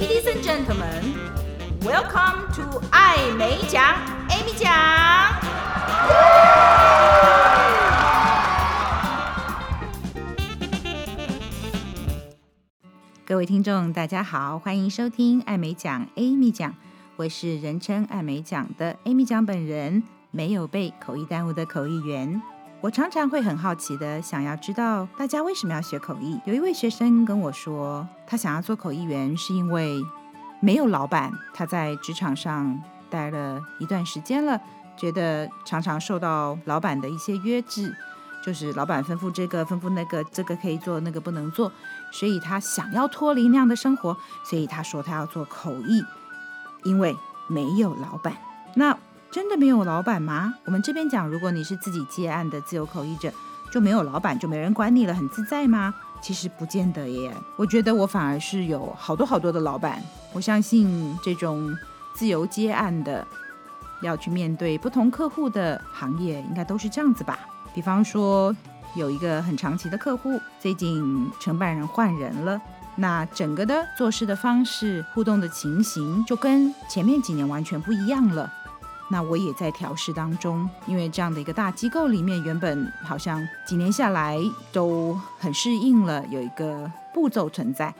Ladies and gentlemen, welcome to《愛美獎》Amy 獎。各位聽眾，大家好，歡迎收聽《愛美獎》Amy 獎。我是人稱《愛美獎》的 Amy 獎本人，沒有被口譯耽誤的口譯員。我常常會很好奇的，想要知道大家為什麼要學口譯。有一位學生跟我說，他想要做口譯員是因為沒有老板。他在職場上待了一段時間了，覺得常常受到老板的一些約制，就是老板吩咐這個吩咐那個，這個可以做，那個不能做，所以他想要脫離那樣的生活。所以他說他要做口譯，因為沒有老板。那，真的沒有老闆嗎？我們這邊講，如果你是自己接案的自由口譯者，就沒有老闆，就沒人管你了，很自在嗎？其實不見得耶。我覺得我反而是有好多好多的老闆。我相信這種自由接案的，要去面對不同客戶的行業，應該都是這樣子吧。比方說，有一個很長期的客戶，最近承辦人換人了，那整個的做事的方式、互動的情形，就跟前面幾年完全不一樣了。那我也在調試當中，因為這樣的一個大機構裡面，原本好像幾年下來都很適應了，有一個步驟存在。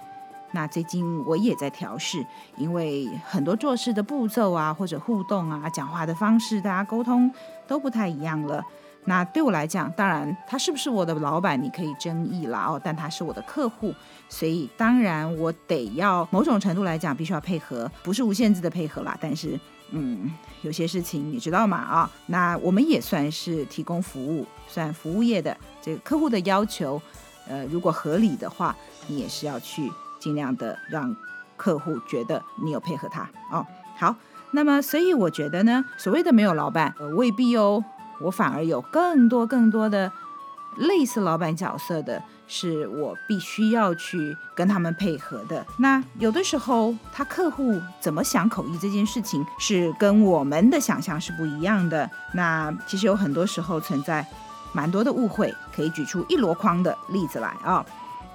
那最近我也在調試，因為很多做事的步驟啊，或者互動啊，講話的方式啊，大家溝通都不太一樣了。那對我來講，當然他是不是我的老闆你可以爭議了哦，但他是我的客戶，所以當然我得要某種程度來講必須要配合，不是無限制的配合啦，但是。嗯，有些事情你知道嗎？啊、哦，那我們也算是提供服務，算服務業的。這個客戶的要求，呃，如果合理的話，你也是要去盡量的讓客戶覺得你有配合他哦。好，那麼所以我覺得呢，所謂的沒有老闆，呃、未必哦，我反而有更多更多的類似老闆角色的。是我必須要去跟他們配合的。那有的時候，他客戶怎麼想口譯這件事情，是跟我們的想象是不一樣的。那其實有很多時候存在蠻多的誤會，可以舉出一籮筐的例子來啊、哦。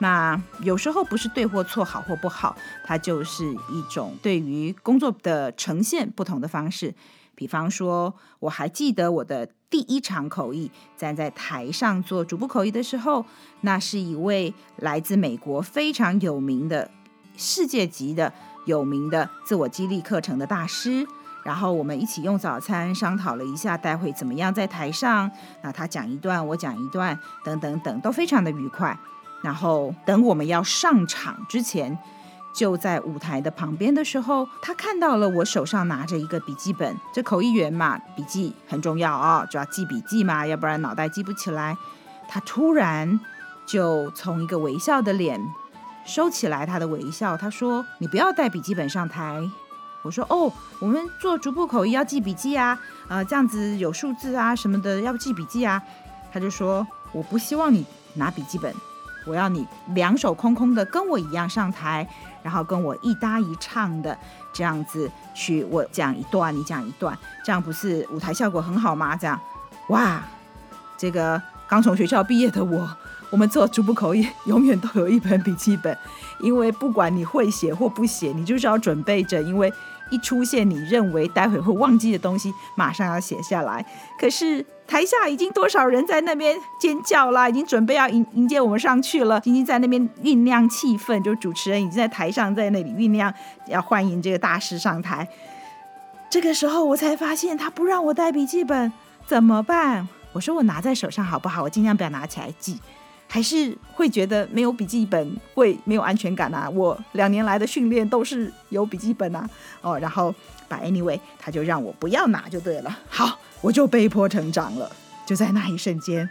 那有時候不是對或錯，好或不好，它就是一種對於工作的呈現不同的方式。比方說，我還記得我的。第一場口譯站在台上做逐步口譯的時候，那是一位來自美國非常有名的、世界級的、有名的自我激勵課程的大師。然後我們一起用早餐商討了一下，待會怎麼樣在台上，那他講一段，我講一段，等等等，都非常的愉快。然後等我們要上場之前。就在舞台的旁邊的時候，他看到了我手上拿着一個筆記本。這口譯員嘛，筆記很重要啊，就要記筆記嘛，要不然腦袋記不起來。他突然就從一個微笑的臉收起來他的微笑，他說：“你不要帶筆記本上台。”我說：“哦，我們做逐步口譯要記筆記啊，呃，這樣子有數字啊什麼的要記筆記啊。”他就說：“我不希望你拿筆記本。”我要你兩手空空的跟我一樣上台，然後跟我一搭一唱的這樣子去，我講一段，你講一段，這樣不是舞台效果很好嗎？這樣，哇，這個剛從學校畢業的我，我們做逐步口譯永遠都有一本筆記本，因為不管你會寫或不寫，你就是要準備着，因為一出現你認為待會會忘記的東西，馬上要寫下來。可是。台下已經多少人在那邊尖叫了，已經準備要迎迎接我們上去了。晶晶在那邊醞釀氣氛，就主持人已經在台上在那裡醞釀，要歡迎這個大師上台。這個時候我才發現他不讓我帶筆記本，怎麼辦？我說我拿在手上好不好？我儘量不要拿起來記，還是會覺得沒有筆記本會沒有安全感吶、啊。我兩年來的訓練都是有筆記本吶、啊，哦，然後 but anyway，他就讓我不要拿就對了。好。我就被迫成長了。就在那一瞬間，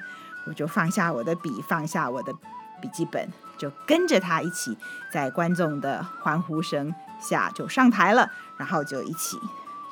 我就放下我的筆，放下我的筆記本，就跟着他一起在觀眾的歡呼聲下就上台了。然後就一起，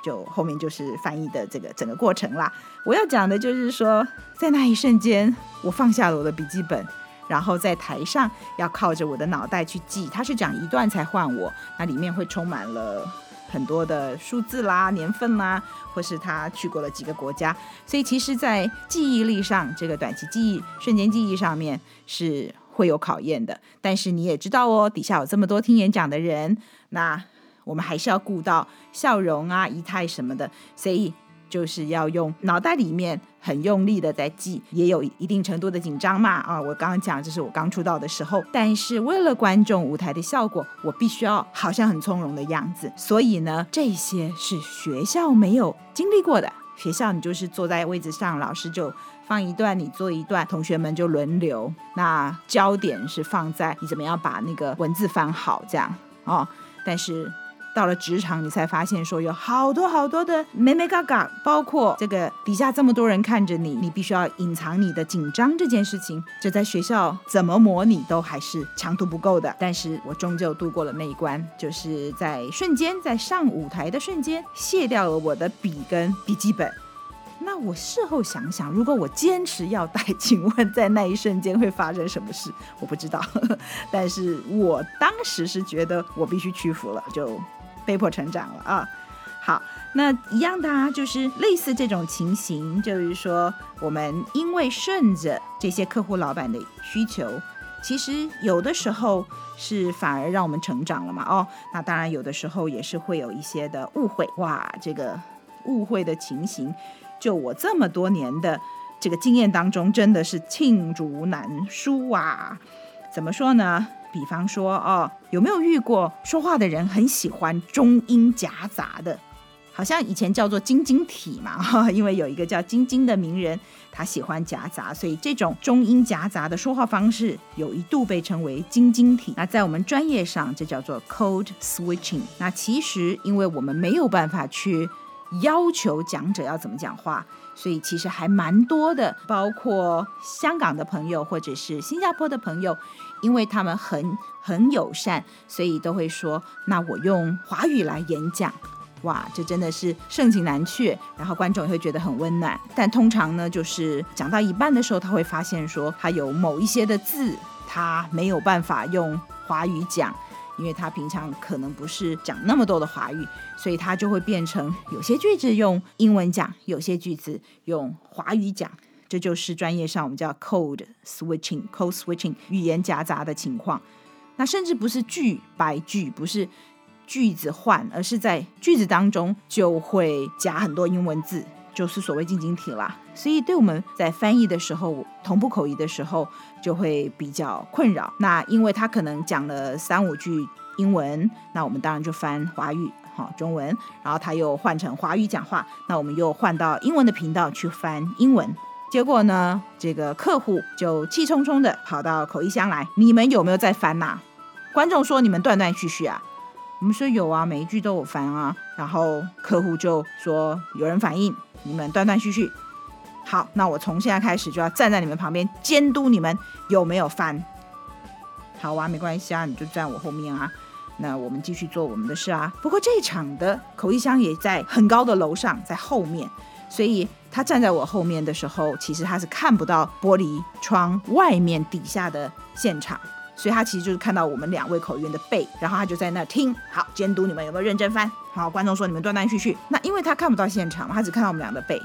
就後面就是翻譯的這個整個過程啦。我要講的就是說，在那一瞬間，我放下了我的筆記本，然後在台上要靠着我的腦袋去記。他是講一段才換我，那裡面會充滿了。很多的數字啦、年份啦，或是他去過了幾個國家，所以其實，在記憶力上，這個短期記憶、瞬間記憶上面是會有考驗的。但是你也知道哦，底下有這麼多聽演講的人，那我們還是要顧到笑容啊、儀態什麼的，所以就是要用腦袋裡面，很用力的在記，也有一定程度的緊張嘛啊、哦！我剛剛講，這是我剛出道的時候，但是為了觀眾舞台的效果，我必須要好像很從容的樣子。所以呢，這些是學校沒有經歷過的。學校你就是坐在位置上，老師就放一段，你做一段，同學們就輪流。那焦點是放在你怎麼樣把那個文字翻好這樣哦。但是。到了職場，你才發現說有好多好多的眉眉角角，包括這個底下這麼多人看着你，你必須要隱藏你的緊張這件事情。這在學校怎麼模擬都還是強度不夠的。但是我終究度過了那一關，就是在瞬間，在上舞台的瞬間，卸掉了我的筆跟筆記本。那我事後想想，如果我堅持要帶，請問在那一瞬間會發生什麼事？我不知道。 但是我當時是覺得我必須屈服了，就。被迫成長了啊，好，那一樣的啊，就是類似這種情形，就是說我們因為順着這些客戶老板的需求，其實有的時候是反而讓我們成長了嘛，哦，那當然有的時候也是會有一些的誤會，哇，這個誤會的情形，就我這麼多年的這個經驗當中，真的是罄竹難書啊，怎麼說呢？比方說，哦，有沒有遇過說話的人很喜歡中英夾雜的？好像以前叫做晶晶體嘛，“晶晶體”嘛，因為有一個叫晶晶的名人，他喜歡夾雜，所以這種中英夾雜的說話方式有一度被稱為“晶晶體”。那在我們專業上，就叫做 code switching。那其實，因為我們沒有辦法去要求講者要怎麼講話。所以其實還蠻多的，包括香港的朋友或者是新加坡的朋友，因為他們很很友善，所以都會說：“那我用華語來演講。”哇，這真的是盛情難卻，然後觀眾也會覺得很溫暖。但通常呢，就是講到一半的時候，他會發現說，他有某一些的字，他沒有辦法用華語講。因為他平常可能不是講那麼多的華語，所以他就會變成有些句子用英文講，有些句子用華語講，這就是專業上我們叫 code switching，code switching 語言夾雜的情況。那甚至不是句 by 句，不是句子換，而是在句子當中就會夾很多英文字，就是所謂晶晶體啦。所以，對我們在翻譯的時候，同步口譯的時候就會比較困擾。那因為他可能講了三五句英文，那我們當然就翻華語，好中文。然後他又換成華語講話，那我們又換到英文的頻道去翻英文。結果呢，這個客戶就氣沖沖地跑到口譯箱來：“你們有沒有在翻吶、啊？”觀眾說：“你們斷斷續續啊。”我們說：“有啊，每一句都有翻啊。”然後客戶就說：“有人反映你們斷斷續續。”好，那我從現在開始就要站在你們旁邊監督你們有沒有翻。好啊，沒關係啊，你就站我後面啊。那我們繼續做我們的事啊。不過這一場的口譯箱也在很高的樓上，在後面，所以他站在我後面的時候，其實他是看不到玻璃窗外面底下的現場，所以他其實就是看到我們兩位口譯員的背，然後他就在那聽，好，監督你們有沒有認真翻。好，觀眾說你們斷斷續續，那因為他看不到現場嘛，他只看到我們倆的背。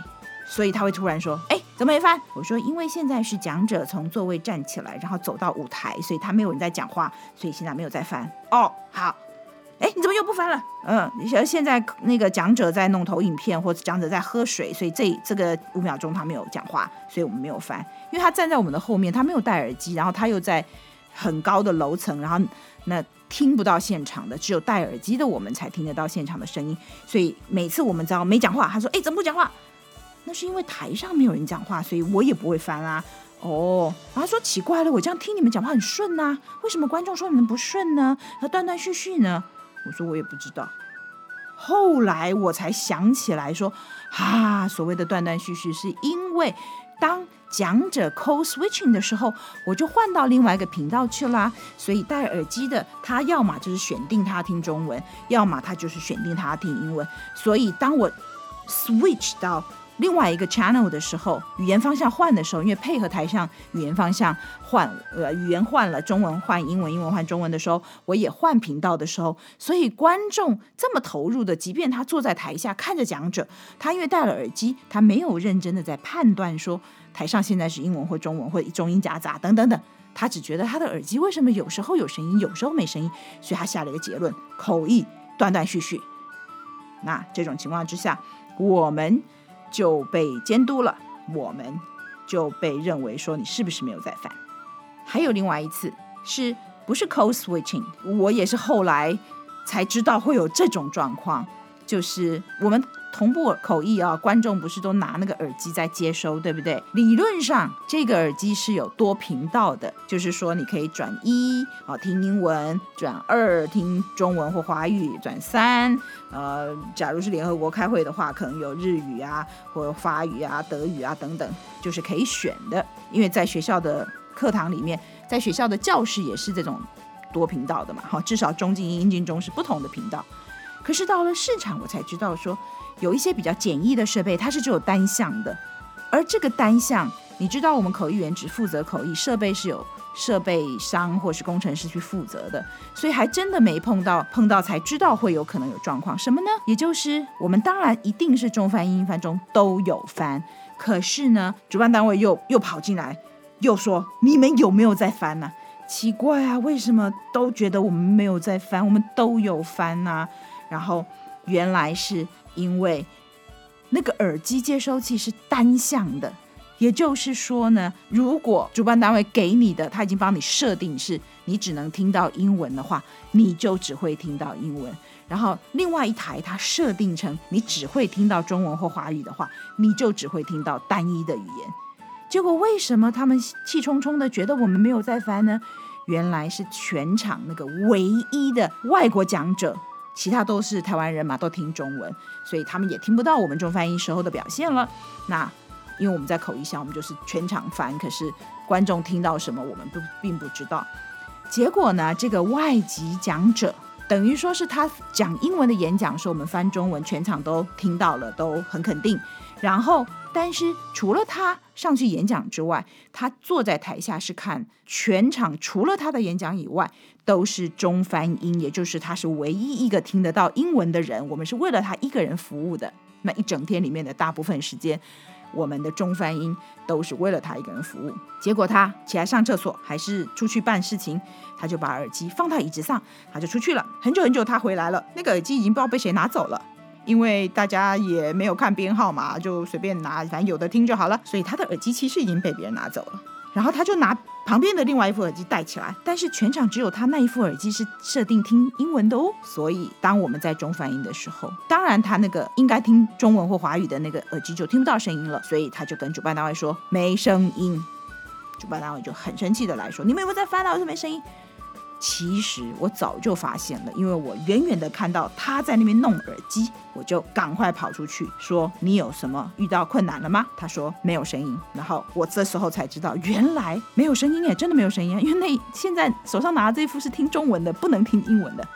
所以他會突然說：“哎，怎麼沒翻？”我說：“因為現在是講者從座位站起來，然後走到舞台，所以他沒有人在講話，所以現在沒有在翻。”哦，好。哎，你怎麼又不翻了？嗯，現現在那個講者在弄投影片，或者講者在喝水，所以這這個五秒鐘他沒有講話，所以我們沒有翻。因為他站在我們的後面，他沒有戴耳機，然後他又在很高的樓層，然後那聽不到現場的，只有戴耳機的我們才聽得到現場的聲音。所以每次我們只要沒講話，他說：“哎，怎麼不講話？”那是因為台上沒有人講話，所以我也不會翻啦，啊。哦，然後說奇怪了，我這樣聽你們講話很順吶，啊，為什麼觀眾說你們不順呢？那斷斷續續呢？我說我也不知道。後來我才想起來說，啊，所謂的斷斷續續是因為當講者 code-switching 的時候，我就換到另外一個頻道去啦。所以戴耳機的他，要麼就是選定他聽中文，要麼他就是選定他聽英文。所以當我 switch 到另外一個 channel 的時候，語言方向換的時候，因為配合台上語言方向換，呃，語言換了，中文換英文，英文換中文的時候，我也換頻道的時候，所以觀眾這麼投入的，即便他坐在台下看着講者，他因為戴了耳機，他沒有認真的在判斷說台上現在是英文或中文或中英夾雜等等等，他只覺得他的耳機為什麼有時候有聲音，有時候沒聲音，所以他下了一個結論：口譯斷斷續續續。那這種情況之下，我們。就被監督了，我們就被認為說，你是不是沒有在翻？還有另外一次，是不是 code switching？我也是後來才知道會有這種狀況，就是我們。同步口譯啊，觀眾不是都拿那個耳機在接收，對不對？理論上這個耳機是有多頻道的，就是說你可以轉一啊聽英文，轉二聽中文或華語，轉三呃，假如是聯合國開會的話，可能有日語啊或者有法語啊、德語啊等等，就是可以選的。因為在學校的課堂裡面，在學校的教室也是這種多頻道的嘛，哈，至少中進英進中是不同的頻道。可是到了市場，我才知道說。有一些比較簡易的設備，它是只有單向的，而這個單向，你知道我們口譯員只負責口譯，設備是由設備商或是工程師去負責的，所以還真的沒碰到，碰到才知道會有可能有狀況。什麼呢？也就是我們當然一定是中翻英，英翻中都有翻，可是呢，主辦單位又又跑進來，又說你們有沒有在翻呢、啊？奇怪啊，為什麼都覺得我們沒有在翻？我們都有翻吶、啊，然後原來是。因為那個耳機接收器是單向的，也就是說呢，如果主辦單位給你的，他已經幫你設定是你只能聽到英文的話，你就只會聽到英文；然後另外一台他設定成你只會聽到中文或華語的話，你就只會聽到單一的語言。結果為什麼他們氣沖沖的覺得我們沒有在翻呢？原來是全場那個唯一的外國講者。其他都是台灣人嘛，都聽中文，所以他們也聽不到我們中翻譯時候的表現了。那因為我們在口譯箱，我們就是全場翻，可是觀眾聽到什麼，我們不並不知道。結果呢，這個外籍講者等於說是他講英文的演講，說我們翻中文，全場都聽到了，都很肯定。然後，但是除了他。上去演講之外，他坐在台下是看全場，除了他的演講以外，都是中翻英，也就是他是唯一一個聽得到英文的人。我們是為了他一個人服務的，那一整天裡面的大部分時間，我們的中翻英都是為了他一個人服務。結果他起來上廁所，還是出去辦事情，他就把耳機放到椅子上，他就出去了。很久很久，他回來了，那個耳機已經不知道被誰拿走了。因為大家也沒有看編號嘛，就隨便拿，反正有的聽就好了。所以他的耳機其實已經被別人拿走了，然後他就拿旁邊的另外一副耳機戴起來。但是全場只有他那一副耳機是設定聽英文的哦。所以當我們在中翻英的時候，當然他那個應該聽中文或華語的那個耳機就聽不到聲音了。所以他就跟主辦單位說沒聲音，主辦單位就很生氣的來說：你們有沒有在翻到說沒聲音？其實我早就發現了，因為我遠遠的看到他在那邊弄耳機，我就趕快跑出去說：“你有什麼遇到困難了嗎？”他說：“沒有聲音。”然後我這時候才知道，原來沒有聲音也真的沒有聲音啊，因為那現在手上拿的這副是聽中文的，不能聽英文的，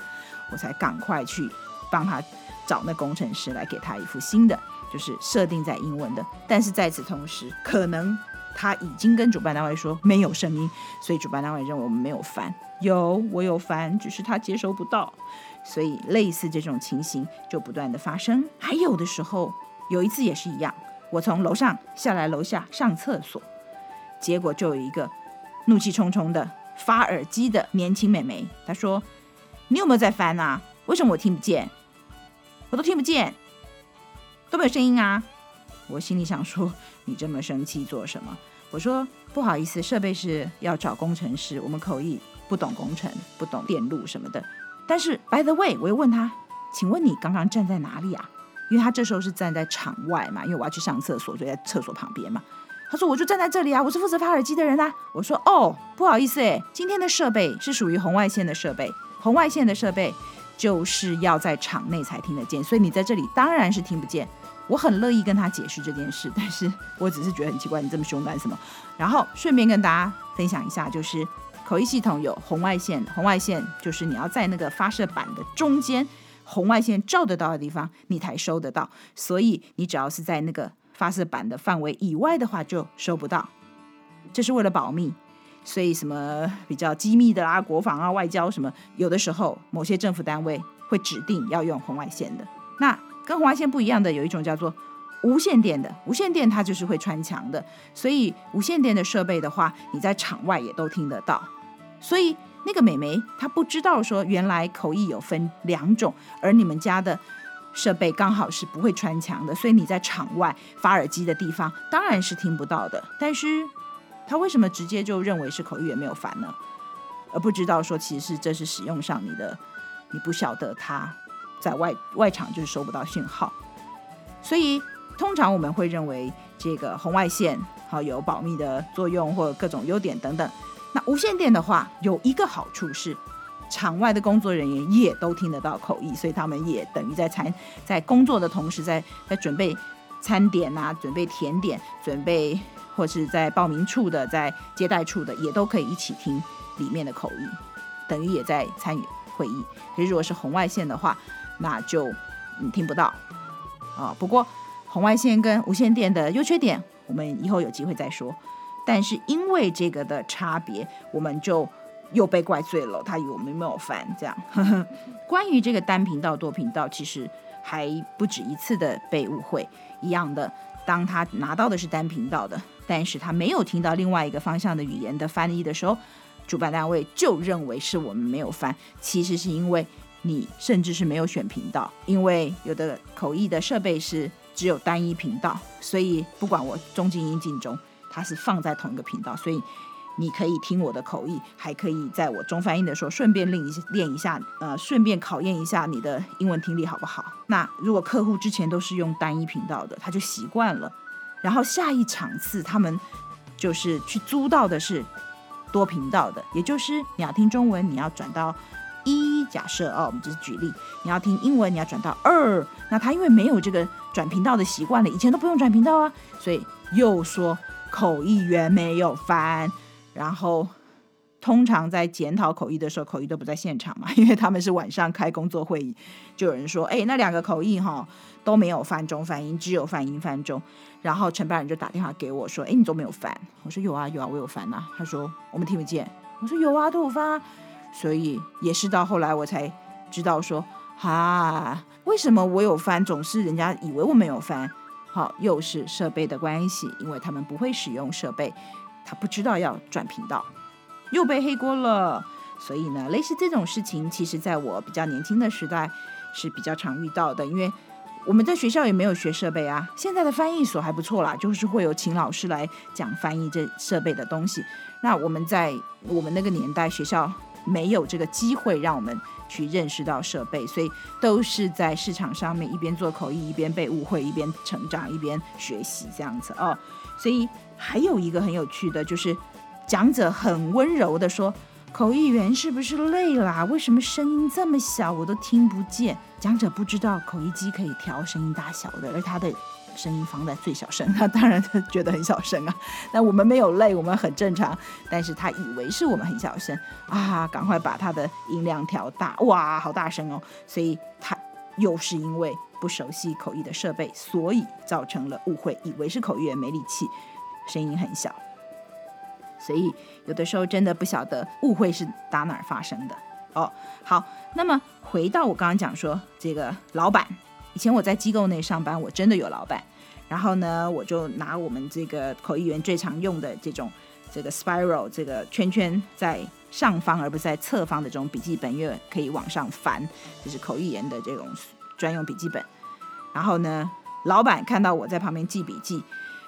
我才趕快去幫他找那工程師來給他一副新的，就是設定在英文的。但是在此同時，可能。他已經跟主辦單位說沒有聲音，所以主辦單位認為我們沒有翻。有，我有翻，只是他接收不到。所以類似這種情形就不斷的發生。還有的時候，有一次也是一樣，我從樓上下來，樓下上廁所，結果就有一個怒氣冲冲的發耳機的年輕美眉，她說：“你有沒有在翻吶？為什麼我聽不見？我都聽不見，都沒有聲音啊？”我心裡想說，你這麼生氣做什麼？我說不好意思，設備是要找工程師，我們口譯不懂工程，不懂電路什麼的。但是 by the way，我又問他，請問你剛剛站在哪裡啊？因為他這時候是站在場外嘛，因為我要去上廁所，所以在廁所旁邊嘛。他說我就站在這裡啊，我是負責發耳機的人吶、啊。’我說哦，不好意思誒、欸，今天的設備是屬於紅外線的設備，紅外線的設備就是要在場內才聽得見，所以你在這裡當然是聽不見。我很樂意跟他解釋這件事，但是我只是覺得很奇怪，你這麼凶幹什麼？然後順便跟大家分享一下，就是口譯系統有紅外線，紅外線就是你要在那個發射板的中間，紅外線照得到的地方，你才收得到。所以你只要是在那個發射板的範圍以外的話，就收不到。這是為了保密，所以什麼比較機密的啦、啊、國防啊、外交什麼，有的時候某些政府單位會指定要用紅外線的。那跟紅外線不一樣的有一種叫做無線電的，無線電它就是會穿牆的，所以無線電的設備的話，你在場外也都聽得到。所以那個美眉她不知道說原來口譯有分兩種，而你們家的設備剛好是不會穿牆的，所以你在場外發耳機的地方當然是聽不到的。但是她為什麼直接就認為是口譯也沒有翻呢？而不知道說其實這是使用上你的，你不曉得它。在外外場就是收不到信號，所以通常我們會認為這個紅外線好有保密的作用或者各種優點等等。那無線電的話有一個好處是，場外的工作人員也都聽得到口譯，所以他們也等於在參在工作的同時在，在在準備餐點吶、啊，準備甜點，準備或是在報名處的，在接待處的也都可以一起聽裡面的口譯，等於也在參與會議。可是如果是紅外線的話，那就你，嗯，聽不到啊，哦。不過紅外線跟無線電的優缺點，我們以後有機會再說。但是因為這個的差別，我們就又被怪罪了。他以為我們沒有翻，這樣。 關於這個單頻道多頻道，其實還不止一次的被誤會。一樣的，當他拿到的是單頻道的，但是他沒有聽到另外一個方向的語言的翻譯的時候，主辦單位就認為是我們沒有翻。其實是因為。你甚至是沒有選頻道，因為有的口譯的設備是只有單一頻道，所以不管我中進英、英進中，它是放在同一個頻道，所以你可以聽我的口譯，還可以在我中翻譯的時候順便練練一下，呃，順便考驗一下你的英文聽力好不好？那如果客戶之前都是用單一頻道的，他就習慣了，然後下一場次他們就是去租到的是多頻道的，也就是你要聽中文，你要轉到。假設哦，我們只是舉例。你要聽英文，你要轉到二，那他因為沒有這個轉頻道的習慣了，以前都不用轉頻道啊，所以又說口譯員沒有翻。然後通常在檢討口譯的時候，口譯都不在現場嘛，因為他們是晚上開工作會議，就有人說，哎，那兩個口譯哈都沒有翻中翻英，只有翻英翻中。然後承辦人就打電話給我說，哎，你都沒有翻？我說有啊有啊，我有翻吶啊。他說我們聽不見。我說有啊都有翻啊。所以也是到後來我才知道說，哈、啊，為什麼我有翻，總是人家以為我沒有翻？好，又是設備的關係，因為他們不會使用設備，他不知道要轉頻道，又背黑鍋了。所以呢，類似這種事情，其實在我比較年輕的時代是比較常遇到的，因為我們在學校也沒有學設備啊。現在的翻譯所還不錯啦，就是會有請老師來講翻譯這設備的東西。那我們在我們那個年代學校。沒有這個機會讓我們去認識到設備，所以都是在市場上面一邊做口譯，一邊被誤會，一邊成長，一邊學習這樣子哦。所以還有一個很有趣的，就是講者很溫柔地說：“口譯員是不是累啦？為什麼聲音這麼小，我都聽不見。”講者不知道口譯機可以調聲音大小的，而他的。聲音放在最小聲，他當然他覺得很小聲啊。那我們沒有累，我們很正常。但是他以為是我們很小聲啊，趕快把他的音量調大。哇，好大聲哦！所以他又是因為不熟悉口譯的設備，所以造成了誤會，以為是口譯沒力氣，聲音很小。所以有的時候真的不曉得誤會是打哪兒發生的哦。好，那麼回到我剛剛講說這個老闆。以前我在機構內上班，我真的有老闆。然後呢，我就拿我們這個口譯員最常用的這種這個 spiral 這個圈圈在上方，而不是在側方的這種筆記本，因為可以往上翻，就是口譯員的這種專用筆記本。然後呢，老闆看到我在旁邊記筆記，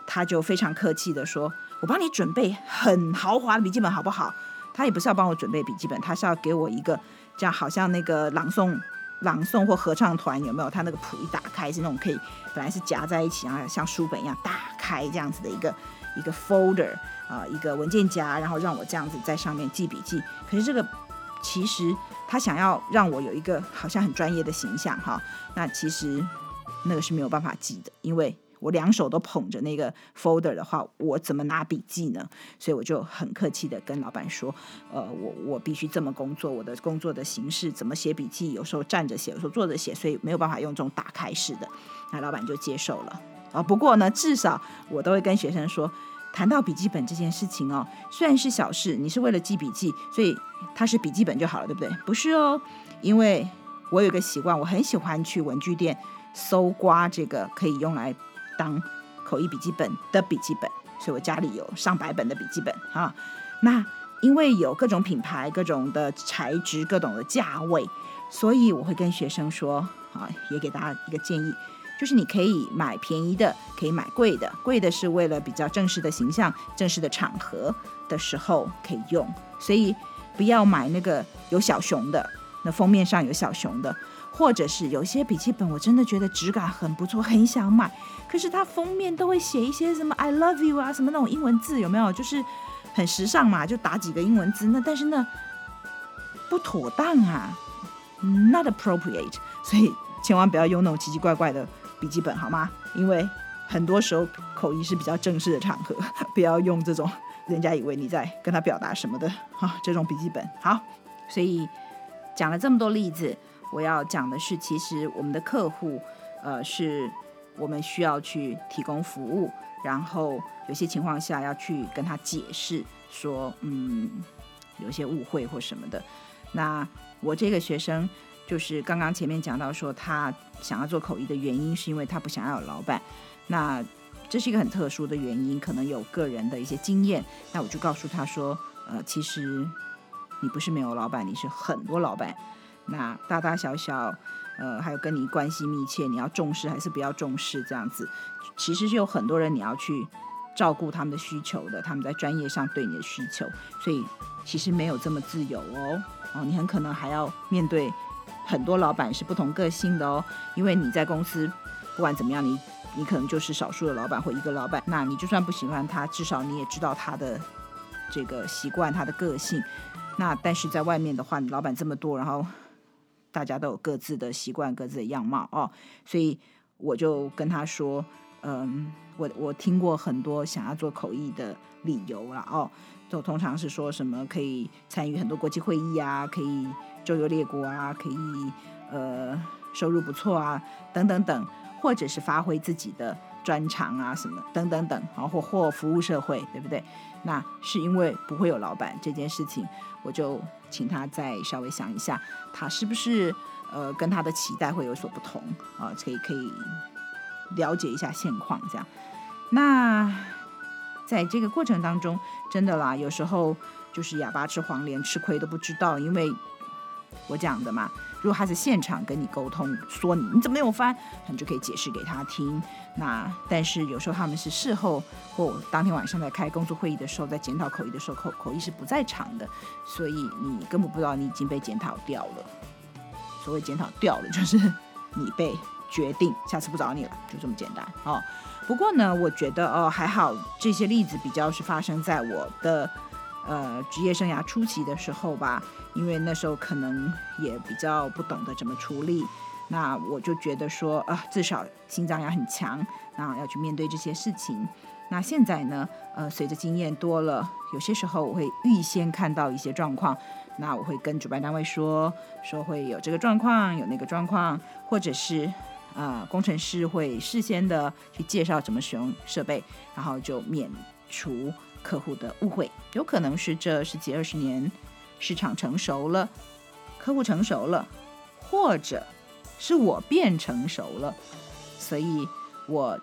他就非常客氣地說：“我幫你準備很豪華的筆記本，好不好？”他也不是要幫我準備筆記本，他是要給我一個，這樣好像那個朗誦。朗誦或合唱團有沒有？他那個譜一打開是那種可以，本來是夾在一起，然後像書本一樣打開這樣子的一個一個 folder 啊、呃，一個文件夾，然後讓我這樣子在上面記筆記。可是這個其實他想要讓我有一個好像很專業的形象哈、哦，那其實那個是沒有辦法記的，因為。我兩手都捧着那個 folder 的話，我怎麼拿筆記呢？所以我就很客氣地跟老闆說：“呃，我我必須這麼工作，我的工作的形式怎麼寫筆記？有時候站着寫，有時候坐着寫，所以沒有辦法用這種打開式的。”那老闆就接受了啊。不過呢，至少我都會跟學生說：“談到筆記本這件事情哦，雖然是小事，你是為了記筆記，所以它是筆記本就好了，對不對？不是哦，因為我有個習慣，我很喜歡去文具店搜刮這個可以用來。”當口譯筆記本的筆記本，所以我家裡有上百本的筆記本啊。那因為有各種品牌、各種的材質、各種的價位，所以我會跟學生說啊，也給大家一個建議，就是你可以買便宜的，可以買貴的。貴的是為了比較正式的形象、正式的場合的時候可以用，所以不要買那個有小熊的，那封面上有小熊的。或者是有些筆記本，我真的覺得質感很不錯，很想買。可是它封面都會寫一些什麼 “I love you” 啊，什麼那種英文字，有沒有？就是很時尚嘛，就打幾個英文字那。但是那不妥當啊，Not appropriate。所以千萬不要用那種奇奇怪怪的筆記本，好嗎？因為很多時候口譯是比較正式的場合，不要用這種，人家以為你在跟他表達什麼的哈，這種筆記本。好，所以講了這麼多例子。我要講的是，其實我們的客戶，呃，是我們需要去提供服務，然後有些情況下要去跟他解釋說，嗯，有些誤會或什麼的。那我這個學生就是剛剛前面講到說，他想要做口譯的原因是因為他不想要有老闆。那這是一個很特殊的原因，可能有個人的一些經驗。那我就告訴他說，呃，其實你不是沒有老闆，你是很多老闆。那大大小小，呃，還有跟你關係密切，你要重視還是不要重視？這樣子，其實是有很多人你要去照顧他們的需求的，他們在專業上對你的需求，所以其實沒有這麼自由哦。哦，你很可能還要面對很多老板是不同個性的哦，因為你在公司不管怎麼樣，你你可能就是少數的老板或一個老板，那你就算不喜歡他，至少你也知道他的這個習慣、他的個性。那但是在外面的話，你老板這麼多，然後。大家都有各自的習慣、各自的樣貌哦，所以我就跟他說：“嗯，我我聽過很多想要做口譯的理由了哦。”就通常是說什麼可以參與很多國際會議啊，可以周遊列國啊，可以呃收入不錯啊，等等等，或者是發揮自己的專長啊什麼等等等啊，或或服務社會，對不對？那是因為不會有老板這件事情，我就請他再稍微想一下，他是不是呃跟他的期待會有所不同啊？可以可以了解一下現況這樣。那。在這個過程當中，真的啦，有時候就是啞巴吃黃連，吃虧都不知道。因為，我講的嘛，如果他在現場跟你溝通，說你你怎麼沒有翻？你就可以解釋給他聽。那但是有時候他們是事後或，哦，當天晚上在開工作會議的時候，在檢討口譯的時候，口口譯是不在場的，所以你根本不知道你已經被檢討掉了。所謂檢討掉了，就是你被。決定下次不找你了，就這麼簡單哦。不過呢，我覺得哦還好，這些例子比較是發生在我的呃職業生涯初期的時候吧，因為那時候可能也比較不懂得怎麼處理。那我就覺得說啊、呃，至少心臟也很強，那要去面對這些事情。那現在呢，呃，隨着經驗多了，有些時候我會預先看到一些狀況，那我會跟主辦單位說說會有這個狀況，有那個狀況，或者是。呃，工程師會事先的去介紹怎麼使用設備，然後就免除客戶的誤會。有可能是這十幾二十年市場成熟了，客戶成熟了，或者是我變成熟了，所以我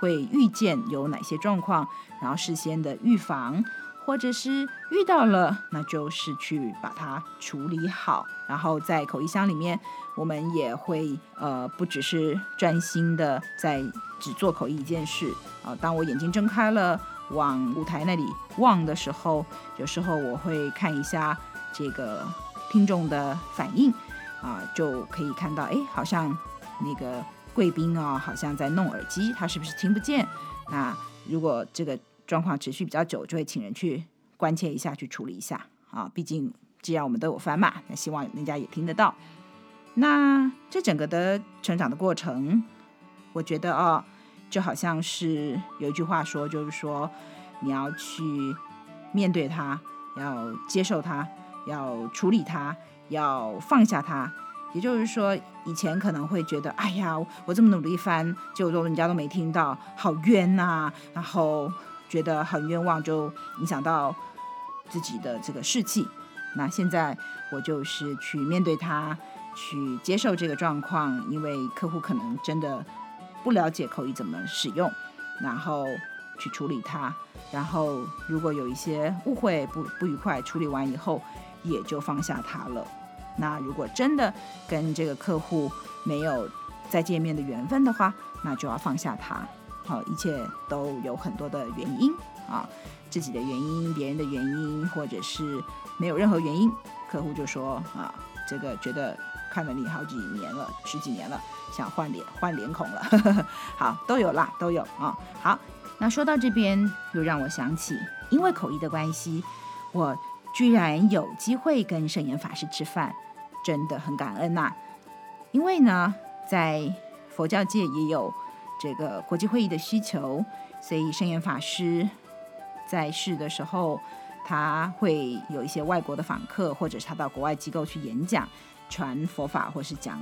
會預見有哪些狀況，然後事先的預防。或者是遇到了，那就是去把它處理好。然後在口譯箱裡面，我們也會呃，不只是專心的在只做口譯一件事啊、呃。當我眼睛睜開了，往舞台那裡望的時候，有時候我會看一下這個聽眾的反應啊、呃，就可以看到，哎，好像那個貴賓啊、哦，好像在弄耳機，他是不是聽不見？那如果這個。狀況持續比較久，就會請人去關切一下，去處理一下啊。畢竟，既然我們都有翻嘛，那希望人家也聽得到。那這整個的成長的過程，我覺得哦，就好像是有一句話說，就是說你要去面對它，要接受它，要處理它，要放下它。也就是說，以前可能會覺得，哎呀，我這麼努力翻，結果人家都沒聽到，好冤吶、啊。然後。覺得很冤枉，就影響到自己的這個士氣。那現在我就是去面對他，去接受這個狀況，因為客戶可能真的不了解口譯怎麼使用，然後去處理他。然後如果有一些誤會不不愉快，處理完以後也就放下他了。那如果真的跟這個客戶沒有再見面的緣分的話，那就要放下他。好、哦，一切都有很多的原因啊，自己的原因、別人的原因，或者是沒有任何原因，客戶就說啊，這個覺得看了你好幾年了，十幾年了，想換臉換臉孔了呵呵。好，都有啦，都有啊。好，那說到這邊，又讓我想起，因為口譯的關係，我居然有機會跟聖嚴法師吃飯，真的很感恩吶、啊。因為呢，在佛教界也有。這個國際會議的需求，所以聖嚴法師在世的時候，他會有一些外國的訪客，或者是他到國外機構去演講、傳佛法，或是講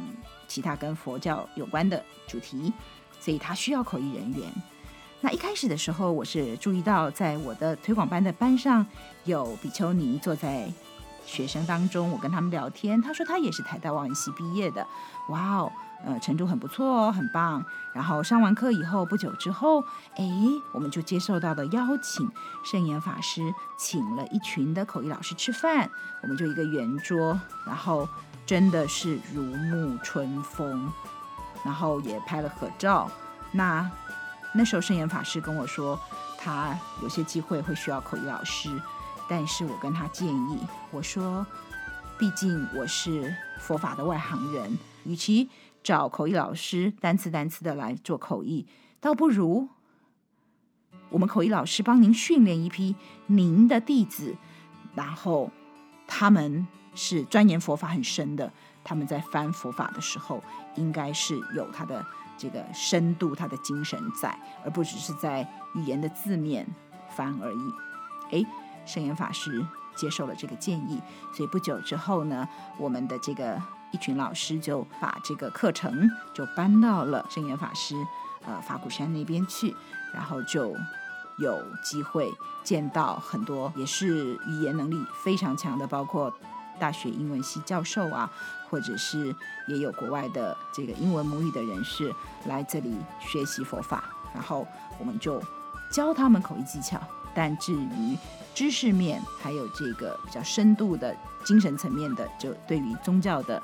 其他跟佛教有關的主題，所以他需要口譯人員。那一開始的時候，我是注意到在我的推廣班的班上有比丘尼坐在學生當中，我跟他們聊天，他說他也是台大外語系畢業的，哇哦。呃，程度很不錯哦，很棒。然後上完課以後不久之後，哎，我們就接受到的邀請，聖嚴法師請了一群的口譯老師吃飯，我們就一個圓桌，然後真的是如沐春風，然後也拍了合照。那那時候聖嚴法師跟我說，他有些機會會需要口譯老師，但是我跟他建議，我說，畢竟我是佛法的外行人，與其。找口譯老師單詞單詞的來做口譯，倒不如我們口譯老師幫您訓練一批您的弟子，然後他們是鑽研佛法很深的，他們在翻佛法的時候，應該是有他的這個深度、他的精神在，而不只是在語言的字面翻而已。哎，聖嚴法師接受了這個建議，所以不久之後呢，我們的這個。一群老師就把這個課程就搬到了聖嚴法師，呃，法鼓山那邊去，然後就有機會見到很多也是語言能力非常強的，包括大學英文系教授啊，或者是也有國外的這個英文母語的人士來這裡學習佛法，然後我們就教他們口譯技巧。但至於知識面，還有這個比較深度的精神層面的，就對於宗教的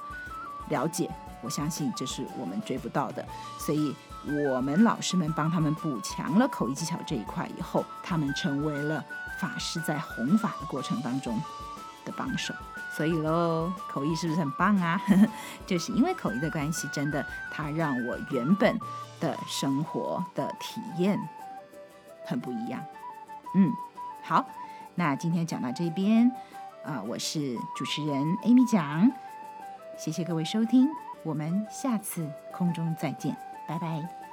了解，我相信這是我們追不到的。所以，我們老師們幫他們補強了口譯技巧這一塊以後，他們成為了法師在弘法的過程當中的幫手。所以嘍，口譯是不是很棒啊？ 就是因為口譯的關係，真的，它讓我原本的生活的體驗很不一樣。嗯，好，那今天講到這邊，啊、呃，我是主持人 Amy 蔣，謝謝各位收聽，我們下次空中再見，拜拜。